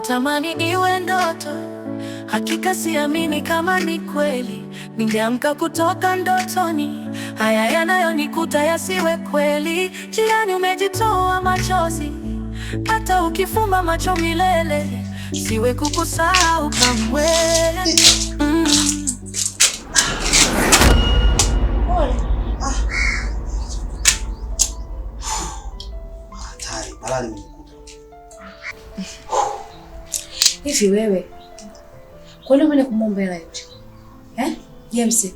natamani iwe ndoto, hakika siamini kama ni kweli. Ningeamka kutoka ndotoni, haya yanayonikuta yasiwe kweli. Jirani, umejitoa machozi, hata ukifumba macho milele, siwe kukusahau kamwe. Hivi wewe Kwa nini umeenda kumwomba hela yote eh? James,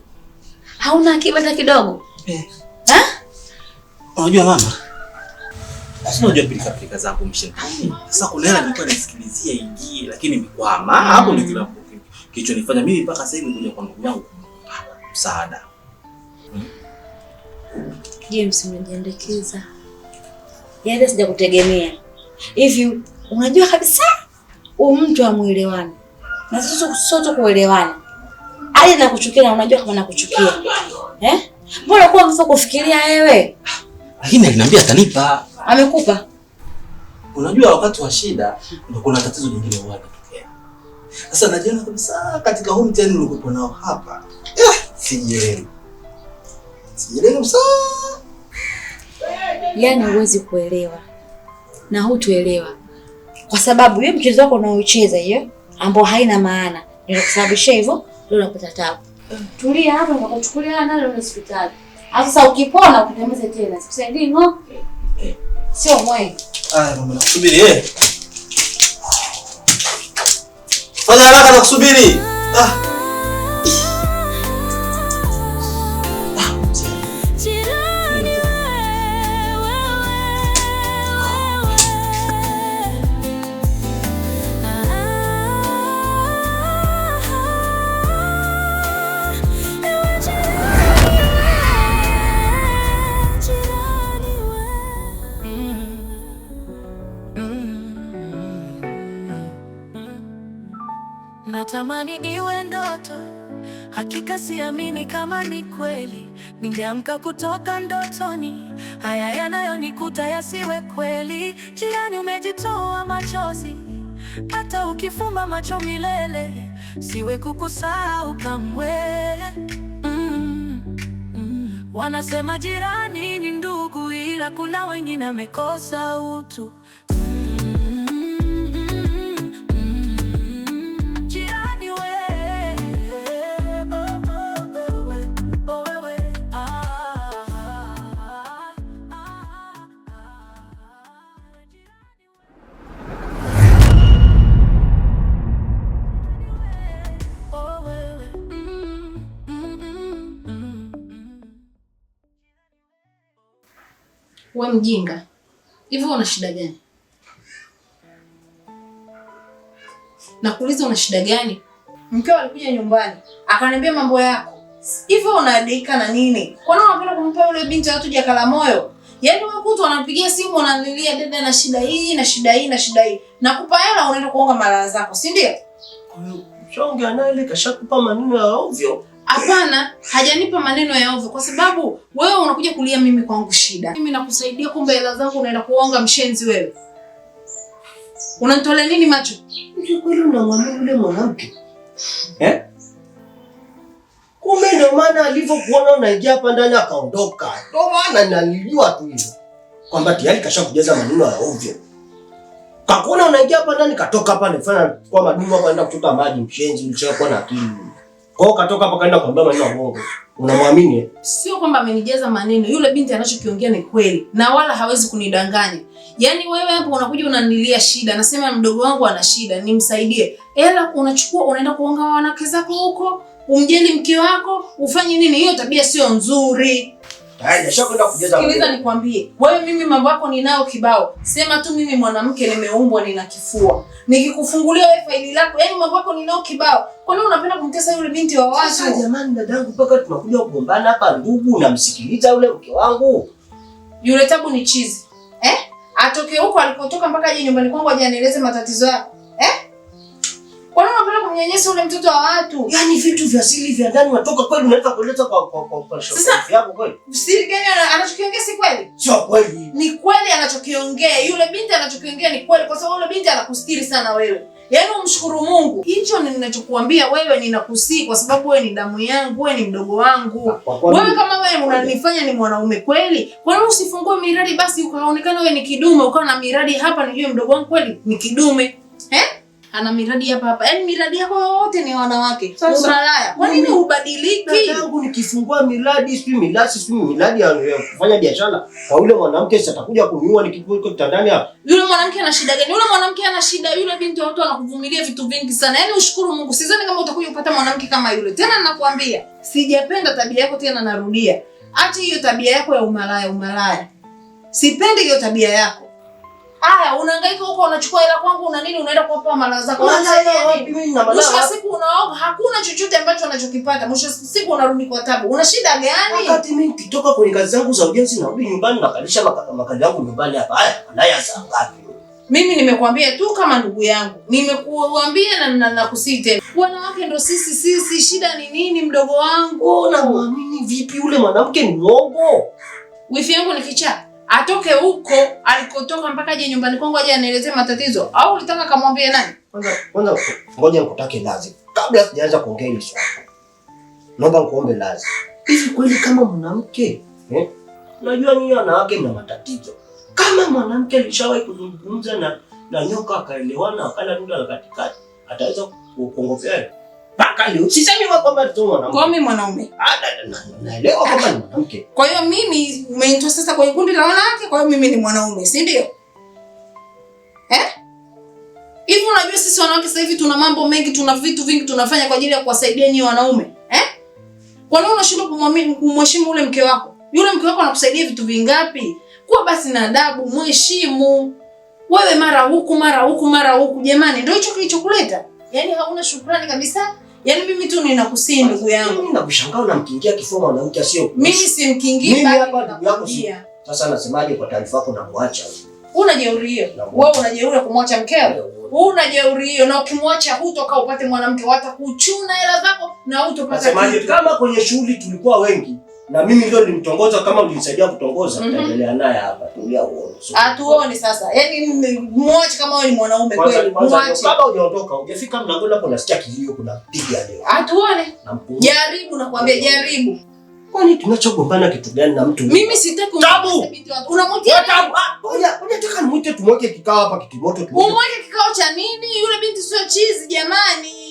hauna akiba hata kidogo eh? Unajua mama, sasa unajua pilika pilika zangu mshetani. Sasa kuna hela nilikuwa nisikilizia ingie, lakini nimekwama hapo, ndio nifanya mimi mpaka sasa hivi kuja kwa ndugu yangu kumpa msaada. James, umejiendekeza. Yaani kutegemea. hivi, unajua kabisa huu mtu hamuelewani, na sisi sote kuelewana. Ali nakuchukia na unajua kama nakuchukia eh? Mbona kwa mfu kufikiria wewe? Lakini aliniambia atanipa. Amekupa? Unajua wakati wa shida ndio kuna tatizo lingine huwa linatokea. Sasa najiona kabisa ah, katika huu mtihani uliokuwa nao hapa. Eh, sijielewi. Sijielewi kabisa. Yaani huwezi kuelewa na hutuelewa kwa sababu hiyo mchezo wako unaocheza hiyo ambao haina maana ndio kusababisha hivyo, ndio unapata tabu. Tulia hapo, nikakuchukulia nalo hospitali. Hata Sasa ukipona utengeneze tena, sikusaidii ngo, sio mwe. Ah, mama, nakusubiri eh, fanya haraka, nakusubiri ah. natamani iwe ndoto, hakika siamini kama ni kweli. Ningeamka kutoka ndotoni, haya yanayonikuta yasiwe kweli. Jirani, umejitoa machozi, hata ukifumba macho milele, siwe kukusahau kamwe. mm, mm. Wanasema jirani ni ndugu, ila kuna wengine amekosa utu. We mjinga, hivyo una shida gani? Nakuuliza, una shida gani? Mkeo alikuja nyumbani akaniambia mambo yako, hivyo unaadilika na nini? Kwa nini unapenda kumpa yule binti watu jakala moyo? Yaani umekuta anapigia simu ananilia, dada, na shida hii na shida hii na shida hii, nakupa hela unaenda kuonga malaa zako, si ndio? Kwa hiyo shaongea naye ile kashakupa maneno ya ovyo Hapana, hajanipa maneno ya ovyo kwa sababu wewe unakuja kulia mimi kwangu shida. Mimi nakusaidia kumbe hela zangu unaenda kuonga mshenzi wewe. Unanitolea nini macho? Ni kweli unamwamini yule mwanamke? Eh? Kumbe ndio maana alivyokuona unaingia hapa ndani akaondoka. Ndio maana nalijua tu hivyo. Kwamba tayari kashakujaza maneno ya ovyo. Kakuona unaingia hapa ndani katoka hapa nifanya kwa madumu hapa naenda kutoka maji mshenzi ulichokuwa na akili. Kwa hiyo katoka hapa kaenda kumwambia maneno ya Mungu. Unamwamini? Eh? Sio kwamba amenijaza maneno. Yule binti anachokiongea ni kweli na wala hawezi kunidanganya. Yaani wewe hapo unakuja unanilia shida, nasema mdogo wangu ana shida, nimsaidie. Ela unachukua unaenda kuonga wanawake zako huko, umjeli mke wako, ufanye nini? Hiyo tabia sio nzuri. Sikiliza nikwambie, wewe mimi mambo yako ninayo kibao. Sema tu mimi mwanamke nimeumbwa nina kifua, nikikufungulia wewe faili lako, yaani mambo yako ninayo kibao. Kwa nini unapenda kumtesa yule binti wa watu? Sasa jamani, dadangu, mpaka tunakuja kugombana hapa ndugu, namsikiliza yule mke wangu yule. Tabu ni chizi eh? Atoke huko alikotoka mpaka aje nyumbani kwangu aje anieleze matatizo yako kumnyanyasa ule mtoto wa watu. Yaani vitu vya siri vya ndani unatoka kweli unaweza kueleza kwa kwa kwa kwa sasa yako kweli. Siri gani anachokiongea si kweli? Sio kweli. Ni kweli anachokiongea. Yule binti anachokiongea ni kweli kwa sababu yule binti anakustiri sana wewe. Yaani umshukuru Mungu. Hicho ni ninachokuambia wewe ninakusii kwa sababu wewe ni damu yangu, wewe ni mdogo wangu. Ah, wewe kama wewe unanifanya ni mwanaume kweli, kwa nini usifungue miradi basi ukaonekana wewe ni kidume, ukawa na miradi hapa nijue mdogo wangu kweli ni kidume. Eh? ana miradi hapa hapa, yaani miradi yako yote ni wanawake. Sasa kwa nini ubadiliki? Tangu nikifungua miradi sio milasi sio miradi ya kufanya biashara kwa yule mwanamke, sasa atakuja kuniua nikikuko kitandani hapa. Yule mwanamke ana shida gani? Yule mwanamke ana shida, yule binti wa mtu anakuvumilia vitu vingi sana, yaani ushukuru Mungu. Sidhani kama utakuja kupata mwanamke kama yule tena. Nakwambia sijapenda tabia yako tena, narudia, acha hiyo tabia yako ya umalaya. Umalaya sipendi hiyo tabia yako. Aya, unahangaika huko unachukua hela kwangu una nini unaenda kuwapa mara zako. Mwisho wa siku unaoga, hakuna chochote ambacho unachokipata. Mwisho wa siku unarudi kwa tabu. Una shida gani? Wakati mimi nikitoka kwenye kazi zangu za ujenzi narudi nyumbani nakalisha makali yangu nyumbani hapa. Aya, anaye saa ngapi? Mimi nimekuambia tu kama ndugu yangu. Nimekuambia na na, na Wanawake ndo sisi sisi, shida ni nini mdogo wangu? Unamwamini vipi yule mwanamke ni mwongo? Wifi yangu ni kichaa atoke huko alikotoka mpaka aje nyumbani kwangu aje anielezee matatizo, au ulitaka kamwambie nani? Kwanza kwanza, ngoja nikutake lazi kabla sijaanza kuongea hili swala. Naomba nikuombe lazi. Hivi kweli kama mwanamke eh? Unajua nyinyi wanawake mna matatizo. Kama mwanamke alishawahi kuzungumza na na nyoka akaelewana akala tunda la katikati, ataweza kuongopea mpaka leo sisemi kwamba tu mwanamke. Kwa mimi mwanaume. Ah, naelewa kwamba ni mwanamke. Kwa hiyo mimi umeinitoa sasa kwenye kundi la wanawake, kwa hiyo mimi ni mwanaume, si ndio? Eh? Hivi unajua sisi wanawake sasa hivi tuna mambo mengi, tuna vitu vingi tunafanya kwa ajili ya kuwasaidia nyinyi wanaume. Eh? Kwa nini unashindwa kumwamini kumheshimu ule mke wako? Yule mke wako anakusaidia vitu vingapi? Kuwa basi na adabu, mheshimu. Wewe mara huku mara huku mara huku, jamani, ndio hicho kilichokuleta. Yaani hauna shukrani kabisa. Yaani mimi tu ninakusii ndugu yangu. Mimi nakushangaa unamkingia kifua mwanamke asio. Mimi simkingii bali nakwambia. Sasa nasemaje kwa taarifa yako na kuacha? Una jeuri hiyo. Wewe una jeuri kumwacha mkeo? Una jeuri hiyo na ukimwacha hutoka upate mwanamke kuchuna hela zako na hutopata. Nasemaje kama kwenye shughuli tulikuwa wengi na mimi ndio nilimtongoza. Kama ulinisaidia kutongoza, tutaendelea mhm. mm -hmm. naye hapa, tulia uone. So, atuone sasa, yaani mwache kama wewe ni mwanaume kweli, mwache kama hujaondoka, hujafika mlangoni hapo, nasikia kilio, kuna piga leo, atuone. Jaribu, nakwambia jaribu. Kwani tunachogombana kitu gani na mtu? Mimi sitaki kumdhibiti watu. Unamtia tabu. Ah, ngoja, unataka nimwite tumweke kikao hapa kitimoto tumweke. Umweke kikao cha nini? Yule binti sio chizi jamani.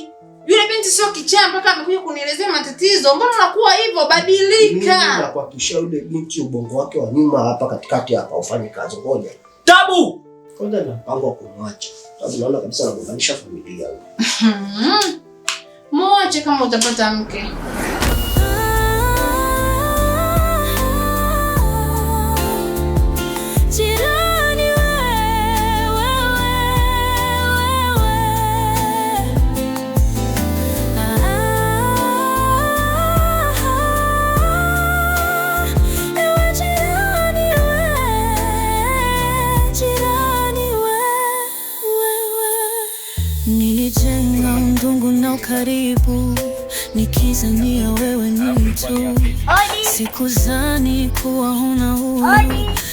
Yule binti sio kichaa mpaka amekuja kunielezea matatizo. Mbona unakuwa hivyo? Badilika. Nakuhakikishia yule binti ubongo wake wa nyuma hapa katikati hapa ufanye kazi. Ngoja Tabu, kwanza na mpango wa kumwacha sababu naona kabisa anagombanisha familia. Mwache kama utapata mke. Ah, ah, ah. karibu, nikizania wewe ni mtu, sikuzani kuwa huna huru.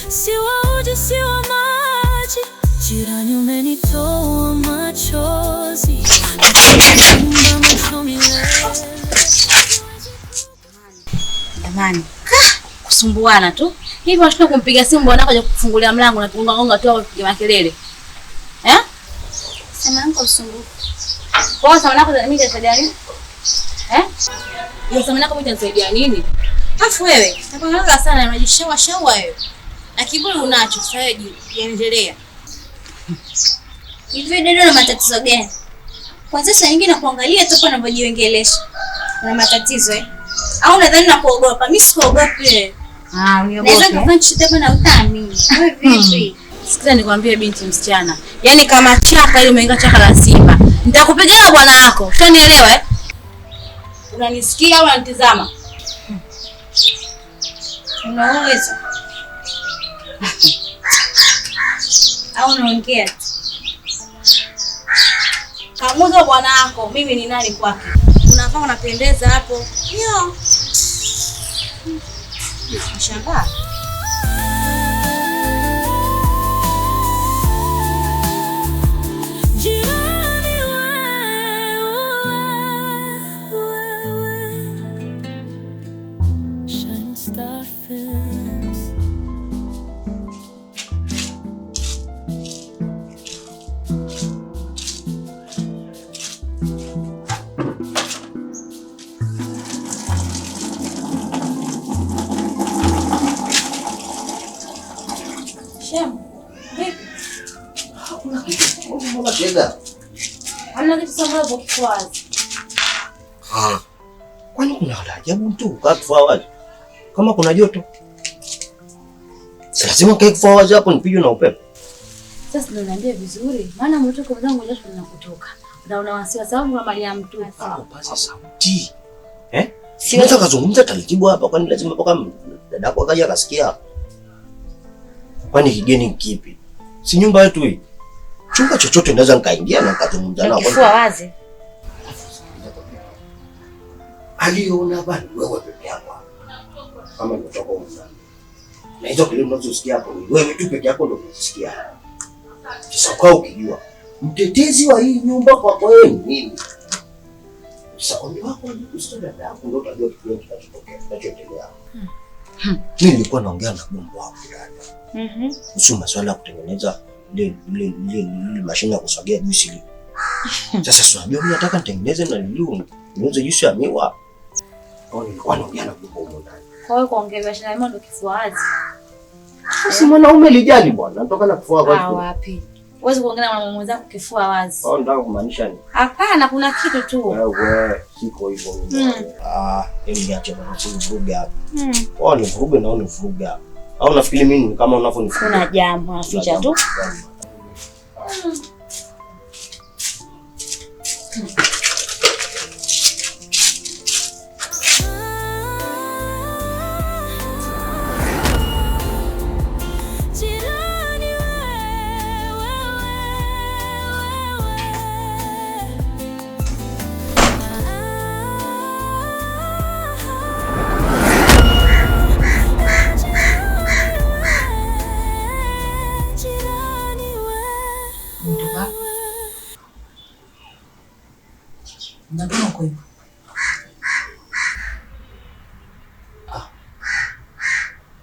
Siwa uji siwa maji, jirani umenitoa machozi Jamani, kusumbuana tu hivi, unashindwa kumpiga simu bwanako aje kukufungulia mlango na kugonga gonga tu kwa kupiga makelele eh? Sema niko usumbufu. Kwa sababu nako mimi nitasaidia nini? Eh? Kwa sababu nako mimi nitasaidia nini? Afu wewe, nakunaga sana unajishawa shawa wewe. Na kiburi unacho sasa wewe jiendelea. Hivi ndio na matatizo gani? Kwanza saa nyingine nakuangalia tu kwa unavyojiwengelesha. Una matatizo eh? Au nadhani nakuogopa? Mimi sikuogopi. Wewe ah, hmm. Sikiza nikwambie binti msichana. Yaani kama chaka ile umeingia chaka la simba nitakupigia bwana wako, utanielewa eh? Unanisikia au unanitazama? Unaweza au unaongea? Kamuza bwana wako, mimi ni nani kwake? Unavaa unapendeza hapo. Yo. Mshangaa. mlango kiko ah. Kwani kuna ajabu mtu kaa kifua wazi? Kama kuna joto lazima kae kifua wazi hapo nipige na upepo. Sasa ndio niambie vizuri, maana moto kwa mlango jasho linakutoka. Na una wasiwasi sababu na mali ya mtu. Hapo basi sauti. Eh? Siwezi kuzungumza taratibu hapa kwani lazima mpaka dadako akaja akasikia. Kwani kigeni kipi? Si nyumba yetu hii chumba chochote naweza nikaingia na nikazungumza nao. Kifua wazi. Aliona bali wewe peke yako. Kama nimetoka huko. Na hizo kile unazosikia hapo ni wewe tu peke yako ndio unasikia. Sasa kwa ukijua mtetezi wa hii nyumba kwa kwa yeye nini? Sasa ni wako ni kusikia dada yako ndio utajua kitu kinachotokea kinachoendelea. Hmm. Mimi nilikuwa naongea na Mungu wangu dada. Mhm. Usio maswala ya kutengeneza mashine ya kuswagia juisi ile. Sasa si unajua mimi nataka nitengeneze na niliu niuze juisi ya miwa. Au mwanaume lijali bwana, natoka na kifua kwa hiyo. Ah, wapi? Huwezi kuongea na mwanaume mwenzako kifua wazi. Au ndio kumaanisha ni? Hapana, kuna kitu tu. Wewe siko hivyo hmm. Ah, mimi niache bwana, si vuruge hapa. Hmm. Au ni vuruge na ni vuruge hapa au nafikiri mimi kama unavyonificha. Kuna jamaa ficha tu.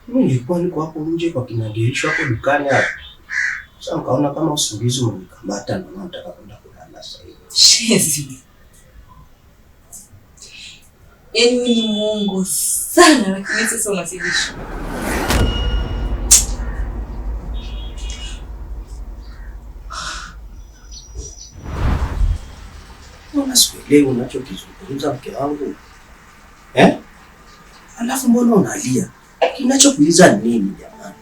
Mimi nilikuwa niko hapo nje kwa kinadirisho hapo dukani hapo. Sasa nikaona kama usingizi umenikamata ndio nataka kwenda kulala sasa hivi. Shezi. Yaani mimi ni muongo sana lakini sasa unazidisha. Mbona sikuelewi unachokizungumza mke wangu? Eh? Alafu mbona unalia? Kinachokuuliza nini jamani?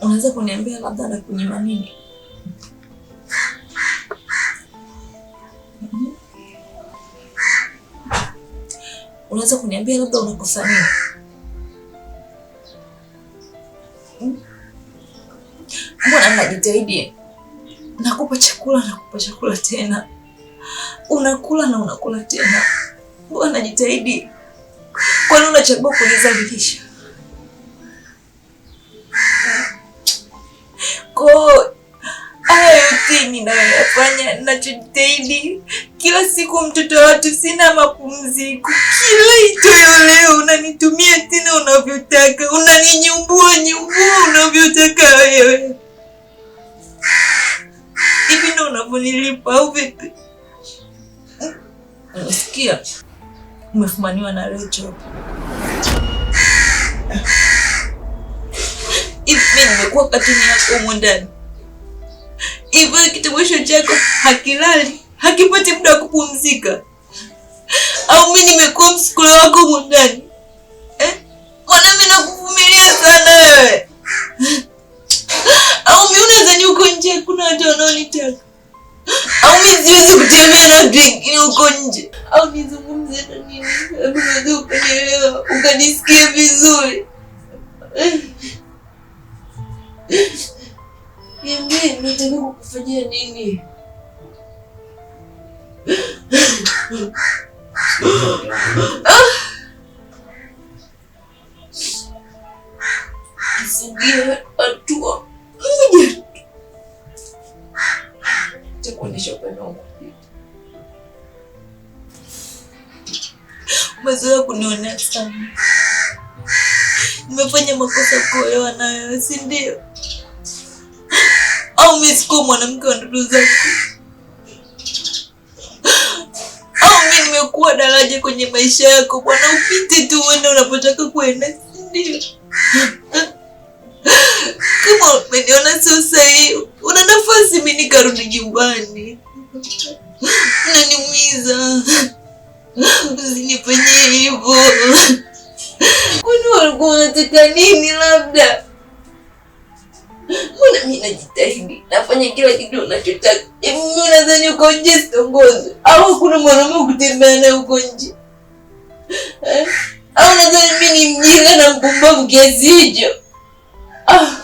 Unaweza kuniambia labda na kunyima nini? Mhm. Unaweza kuniambia labda unakosa nini? Hmm? Mbona najitahidi, nakupa chakula, nakupa chakula tena unakula na unakula tena. Bwana Kwa kwani unachagua kunizalilisha ko haya yote ninayoyafanya, nachojitahidi kila siku, mtoto watu, sina mapumziko. Kila itoyo leo unanitumia tena unavyotaka, unaninyumbua nyumbua unavyotaka wewe. Hivi ndo unavyonilipa au vipi? Sikia, umefumaniwa na Rachel. Hivi nimekuwa katini yako humu ndani? Hivyo kitibwisho chako hakilali, hakipati muda wa kupumzika, au mimi nimekuwa msukule wako humu ndani eh? Mwanami, nakuvumilia sana wewe, au miunazani huko nje kuna watu wanaonitaka au miziwezi kutembea na watu wengine huko nje, au nizungumze na nini? Unaweza ukanielewa ukanisikia vizuri. Niambie, nataka kukufanyia nini? Sugia hatua moja cha kuonyesha upendo wangu. Umezoea kunionea sana. Nimefanya makosa kuolewa na wewe, si ndio? Au mimi sikuwa mwanamke wa ndoto zako? Au mimi nimekuwa daraja kwenye maisha yako? Bwana, upite tu uende unapotaka kuenda, si ndio? Kama umeniona sio hiyo, una nafasi mimi karudi nyumbani. Unaniumiza. Usinifanyie hivyo. Kwani walikuwa wanataka nini labda? Mbona mimi najitahidi, nafanya kila kitu unachotaka. Yaani mimi nadhani uko nje sitongozo. Au kuna mwanaume kutembea naye uko nje? Eh? Au nadhani mimi ni mjinga na mpumbavu kiasi hicho? Ah.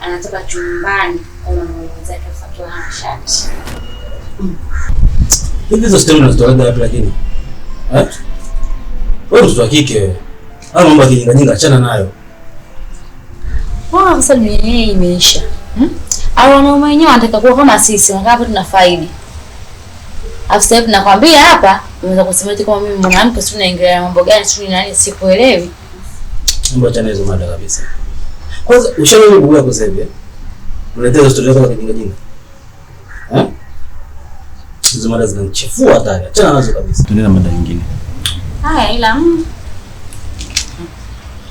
anatoka chumbani zake akiwa na shati. Hivi hizo stemna zinatolewa wapi lakini? Eh? Wewe mtoto wa kike. Hayo mambo ya kijinga jinga achana nayo. Wao msali yenyewe imeisha. Hmm? Au wanaume wenyewe wanataka kuwa kama sisi, wangapi tuna faidi. Afsa hivi nakwambia hapa, unaweza kusema eti kama mimi mwanamke sio naingilia mambo gani sio nani sikuelewi. Mambo achana hizo mada kabisa. Kwanza ushaona mguu wako sasa hivi. Unaleta story zako za kijinga jinga. Eh? Hizo mada zinachafua hata. Achana nazo kabisa. Tuende na mada nyingine. Haya ila mm.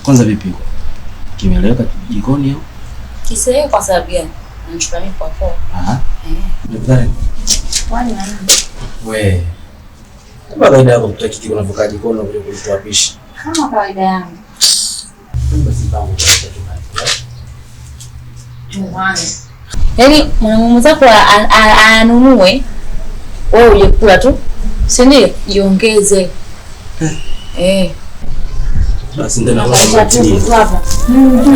Kwanza vipi? Kimeleweka jikoni au? Kisee kwa sababu gani? Nashukuru kwa kwa. Aha. Eh. Ndio Wani nani? Wewe. Kama kawaida yako mtaki kiki unavokaa jikoni na kuja pishi. Kama kawaida yangu. Basi tuane. Yaani mwanamume mwenzako anunue, wewe uje kula tu, si ndio? Jiongeze eh. eh. Basi ndio na wewe.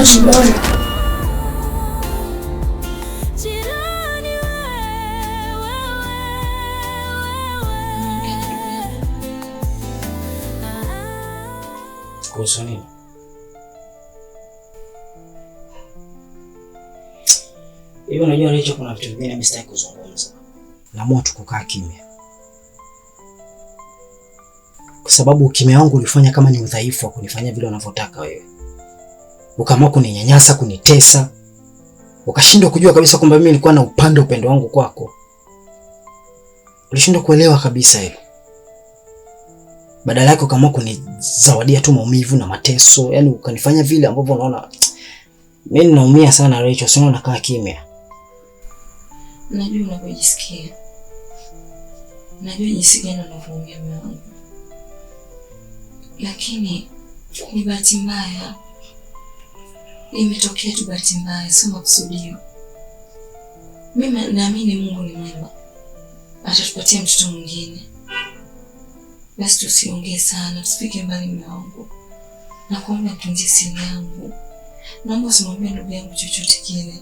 Hivi unajua hicho, kuna vitu vingine mimi sitaki kuzungumza. Naamua tu kukaa kimya, kwa sababu ukimya wangu ulifanya kama ni udhaifu wa kunifanyia vile unavyotaka wewe. Ukaamua kuninyanyasa, kunitesa, ukashindwa kujua kabisa kwamba mimi nilikuwa na upande upendo wangu kwako, ulishindwa kuelewa kabisa hilo. Badala yake ukaamua kunizawadia tu maumivu na mateso, yaani ukanifanya vile ambavyo unaona mimi ninaumia sana Rachel, sio nakaa kimya. Najua unavyojisikia, najua jinsi gani unavyoumia moyo wangu, lakini ni bahati mbaya, imetokea tu bahati mbaya, sio makusudio. Mimi naamini Mungu ni mwema, atatupatia mtoto mwingine. Basi tusiongee sana, tusifike mbali. Mume wangu, nakuomba mtunzie simu yangu, naomba usimwambie ndugu yangu chochote kile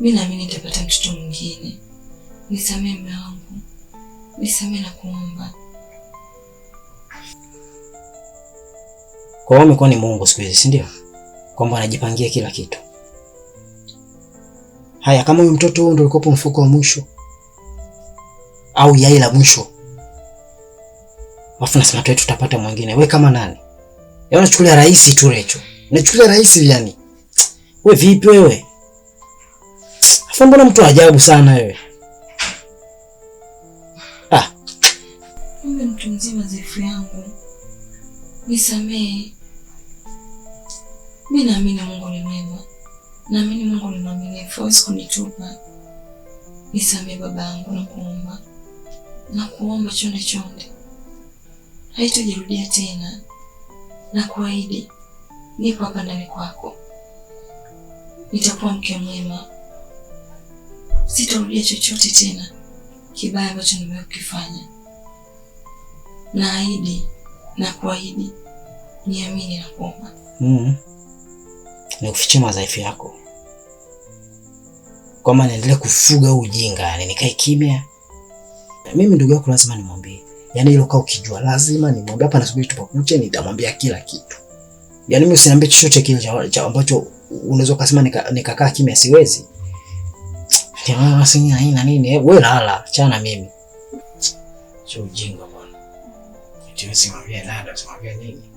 mi nami nitapata mtoto mwingine. Nisamee mume wangu, nisamee na kuomba. Kwa hiyo umekuwa ni Mungu siku hizi, si ndio? Kwamba anajipangia kila kitu. Haya, kama huyu mtoto huu ndio ulikopo mfuko wa mwisho au yai la mwisho, afu nasema tu tutapata mwingine, we kama nani? Yaani chukulia rahisi tu Recho, nachukulia rahisi yani. We vipi wewe? Sasa mbona mtu ajabu sana wewe? Ah. Mimi mtu mzima zefu yangu. Nisamee. Mimi naamini Mungu ni mwema. Naamini Mungu ni mwaminifu, hawezi kunitupa. Nisamee baba yangu na kuomba. Na kuomba chonde chonde. Haitojirudia tena. Na kuahidi. Nipo hapa ndani kwako. Nitakuwa mke mwema sitarudia chochote tena kibaya ambacho nimekifanya. Naahidi na kuahidi, niamini na kuomba. Mm. Nikufichie madhaifu yako kwamba naendelea kufuga huu ujinga, yani nikae kimya mimi ndugu yako lazima nimwambie, yaani hilo kaa ukijua, lazima nimwambie. Hapa nasubiri tupakuche, nitamwambia kila kitu. Yaani mimi usiniambie chochote kile cha ambacho unaweza ukasema nikakaa nika kimya, siwezi jamaa wasini haina nini? Hebu wewe lala, chana mimi. Sio ujinga bwana. Eti usimwambie dada, usimwambie nini?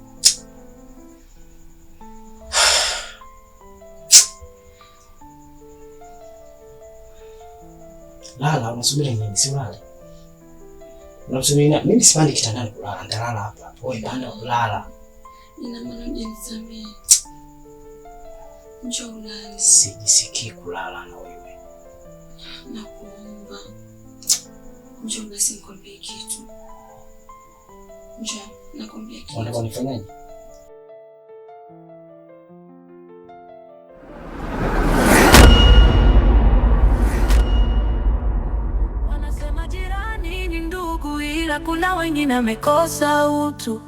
Lala, unasubiri nini? Si lala. Unasubiri nini? Mimi sipandi kitandani kulala, ndalala hapa. Wewe panda kulala. Nina maana unisamehe. Njoo ulale. Sijisikii kulala na wewe. Nakuomba mjomba, simkwambie kitu mjomba, nakwambia kitu. Unataka nifanyaje? Wanasema jirani ni ndugu, ila kuna wengine amekosa utu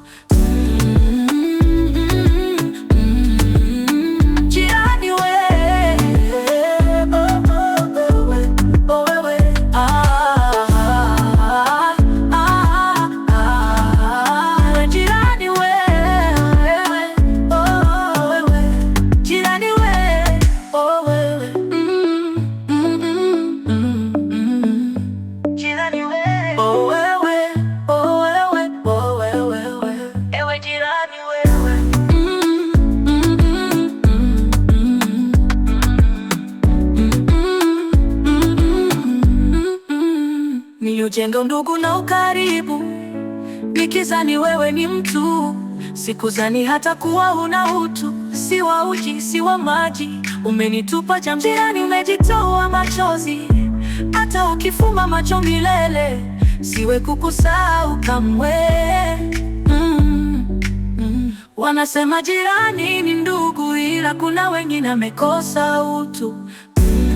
Tunajenga undugu na ukaribu, nikizani wewe ni mtu, sikuzani hata kuwa una utu. Si wa uji, si wa maji, umenitupa jamjirani, umejitoa machozi, hata ukifuma macho milele, siwe kukusahau kamwe. Mm, mm. Wanasema jirani ni ndugu, ila kuna wengine amekosa utu mm.